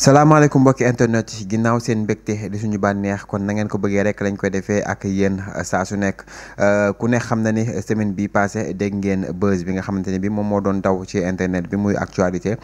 salaamaaleykum mbokki internet yi ginnaaw seen mbégte di suñu bànneex kon nangeen ko bëggee rek lañu koy defee ak yenn uh, saa su nekk uh, ku ne xam na ni uh, semaine bi passé dégg ngeen buzz bi nga xamante ni bi moom moo doon daw ci internet bi muy actualité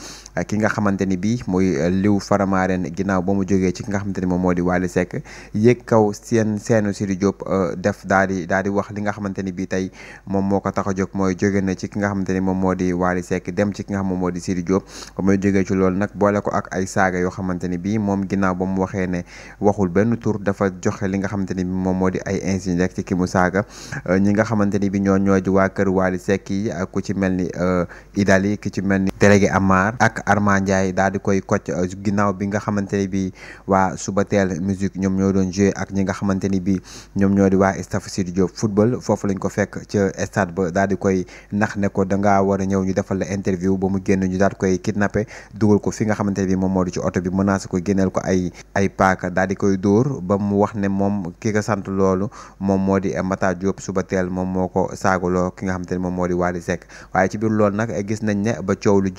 ki nga xamante ni bi muy Liw Faramareen ginnaaw ba mu jógee ci ki nga xamante ni moom moo di Wally sekk yéeg kaw seen seenu Sidy Diop def daal di daal di wax li nga xamante ni bi tey moom moo ko tax a jóg mooy jóge na ci ki nga xamante ni moom moo di Wally dem ci ki nga xam moom moo di Sidy Diop ba muy jógee ci loolu nag boole ko ak ay saaga yoo xamante ni bii moom ginnaaw ba mu waxee ne waxul benn tur dafa joxe li nga xamante ni bi moom moo di ay insigne rek ci ki mu saaga euh, ñi nga xamante ni bi ñoo ñoo di waa kër Wally Seck ku ci mel ni euh, Idali ki ci mel ni délégué Amar ak Armand Ndiaye daal di koy kocc euh, ginnaaw bi nga xamante ni bi waa Subatel musique ñoom ñoo doon joué ak ñi nga xamante ni bi ñoom ñoo di waa staff Sidy Diop football foofu lañ ko fekk ca stade ba daal di koy nax ne ko dangaa war a ñëw ñu defal la interview ba génn ñu daal koy kidnappé dugal ko fi nga xamante ni bi moom moo di ci oto oto bi menacé ko génneel ko ay ay paaka daal di koy dóor ba mu wax ne moom ki ko sant loolu moom moo di Mata Diop suba teel moom moo ko saagaloo ki nga xamante ni moom moo di Wally Seck waaye ci biir loolu nag gis nañ ne ba coow lu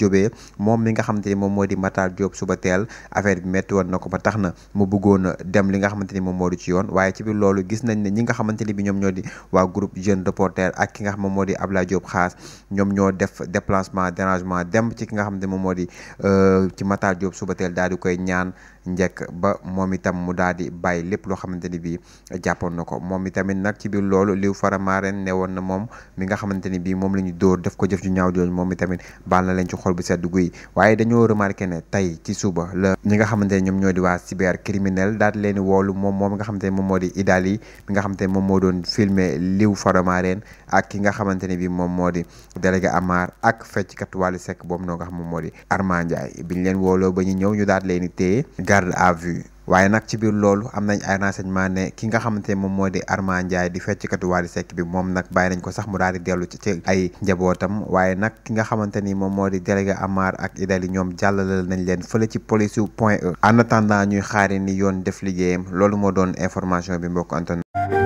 moom mi nga xamante ni moom moo di Mata Diop suba teel affaire bi métti woon na ko ba tax na mu bëggoon dem li nga xamante ni moom moo di ci yoon waaye ci biir loolu gis nañ ne ñi nga xamante ni bi ñoom ñoo di waa groupe jeune reporter ak ki nga xam moom moo di Abdoulaye Diop xaas ñoom ñoo def déplacement dérangement dem ci ki nga xamante ni moom moo di euh, ci Mata suba teel daal di koy ñaan njëkk ba moom itam mu daal di bàyyi lépp loo xamante ni bii jàppoon na ko moom mi tamit nag ci biir loolu liw faramaaren ne woon na moom mi nga xamante ni bii moom la ñu dóor def ko jëf ju ñaaw jooju moom itamit baal na leen ci xol bu sedd guy waaye dañoo remarqué ne tey ci suba nga xamante ne ñoom ñoo di waa cybercriminel daal di leen woolu moom moom nga xamante ne moom moo di Idali mi nga xamante ne moom moo doon filmer liw faramaaren ak ki nga xamante ne bii moom moo di délégué Amar ak fecc kat Wally Seck boobu noo nga xam moom moo di Armand Ndiaye biñ leen wooloo ba ñu ñëw ñu daal leen téye garde à vue waaye nag ci biir loolu am nañ ay renseignement ne ki nga xamante ne moom moo di Arma Ndiaye di fecckatu Wally Seck bi moom nag bàyyi nañ ko sax mu daal di dellu ci ci ay njabootam waaye nag ki nga xamante ni moom moo di délégué Amar ak Idali ñoom jàllalal nañ leen fële ci police point E en attendant ñuy xaari ni yoon def liggéeyam loolu moo doon information bi mbokk Antoine